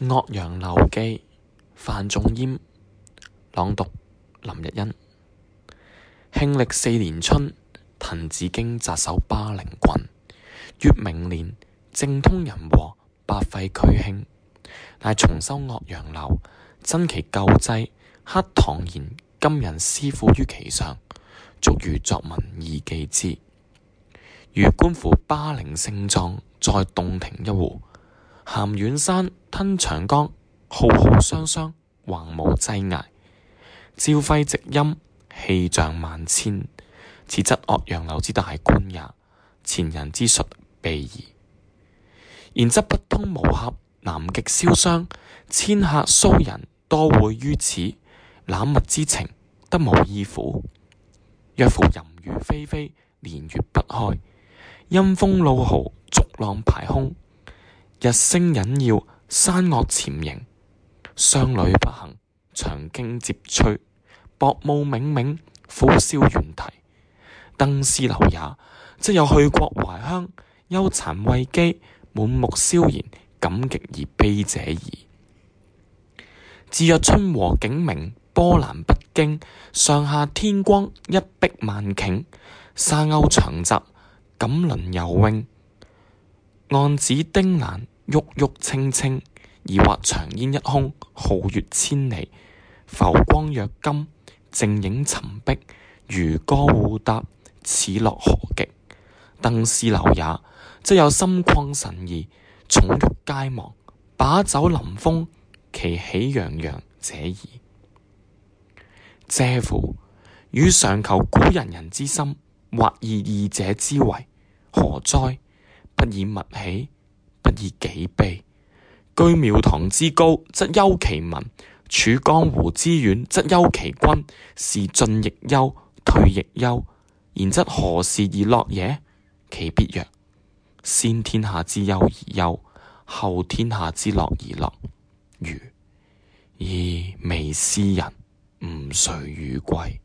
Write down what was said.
《岳陽樓記》，范仲淹朗讀，林日恩。慶曆四年春，滕子京謫守巴陵郡。越明年，政通人和，百廢俱興。乃重修岳陽樓，增其舊制，刻唐賢今人詩賦於其上，屬予作文以記之。如觀乎巴陵勝狀，在洞庭一湖。銜遠山。吞長江，浩浩湯湯，橫無際涯；朝暉夕陰，氣象萬千。此則岳陽樓之大觀也。前人之述備矣。然則，北通巫峽，南極瀟湘，遷客騷人多會於此，覽物之情，得無異乎？若夫淫雨霏霏，連月不開，陰風怒號，濁浪排空，日星隱曜。山岳潛形，商旅不行，檣傾楫摧，薄暮冥冥，虎嘯猿啼。登斯樓也，則有去國懷鄉，憂讒畏譏，滿目蕭然，感極而悲者矣。至若春和景明，波瀾不驚，上下天光，一碧萬頃，沙鷗翔集，錦鱗游泳，岸芷汀蘭。鬱鬱青青，而或長煙一空，皓月千里，浮光若金，靜影沉璧，漁歌互答，此樂何極？登斯樓也，則有心曠神怡，寵辱皆忘，把酒臨風，其喜洋洋者矣。嗟乎！予嘗求古仁人之心，或異二者之為，何哉？不以物喜。以己悲，居廟堂之高則憂其民，處江湖之遠則憂其君。是進亦憂，退亦憂，然則何時而樂也？其必曰：先天下之憂而憂，後天下之樂而樂。如，噫！微斯人，吾誰與歸？